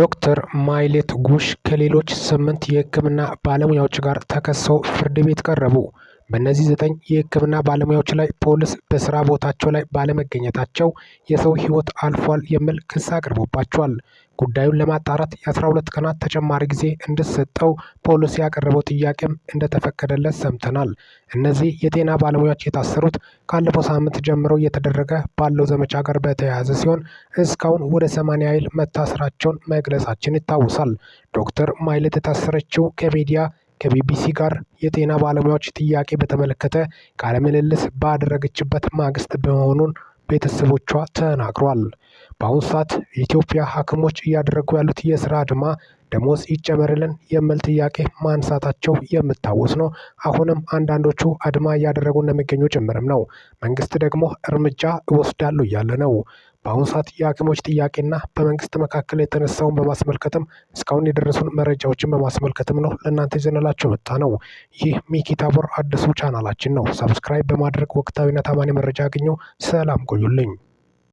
ዶክተር ማይሌት ጉሽ ከሌሎች ስምንት የህክምና ባለሙያዎች ጋር ተከሰው ፍርድ ቤት ቀረቡ በእነዚህ ዘጠኝ የህክምና ባለሙያዎች ላይ ፖሊስ በስራ ቦታቸው ላይ ባለመገኘታቸው የሰው ሕይወት አልፏል የሚል ክስ አቅርቦባቸዋል። ጉዳዩን ለማጣራት የአስራ ሁለት ቀናት ተጨማሪ ጊዜ እንድሰጠው ፖሊስ ያቀረበው ጥያቄም እንደተፈቀደለት ሰምተናል። እነዚህ የጤና ባለሙያዎች የታሰሩት ካለፈው ሳምንት ጀምሮ እየተደረገ ባለው ዘመቻ ጋር በተያያዘ ሲሆን እስካሁን ወደ ሰማንያ ያህል መታሰራቸውን መግለጻችን ይታወሳል። ዶክተር ማይለት የታሰረችው ከሚዲያ ከቢቢሲ ጋር የጤና ባለሙያዎች ጥያቄ በተመለከተ ቃለ ምልልስ ባደረገችበት ማግስት በመሆኑን ቤተሰቦቿ ተናግሯል። በአሁኑ ሰዓት የኢትዮጵያ ሐኪሞች እያደረጉ ያሉት የስራ አድማ ደሞዝ ይጨመርልን የሚል ጥያቄ ማንሳታቸው የሚታወስ ነው። አሁንም አንዳንዶቹ አድማ እያደረጉ እንደሚገኙ ጭምርም ነው። መንግስት ደግሞ እርምጃ እወስዳለሁ እያለ ነው። በአሁኑ ሰዓት የሀኪሞች ጥያቄና በመንግስት መካከል የተነሳውን በማስመልከትም እስካሁን የደረሱን መረጃዎችን በማስመልከትም ነው ለእናንተ ይዘንላችሁ መጣ ነው። ይህ ሚኪ ታቦር አዲሱ ቻናላችን ነው። ሳብስክራይብ በማድረግ ወቅታዊና ታማኝ መረጃ አግኘው። ሰላም ቆዩልኝ።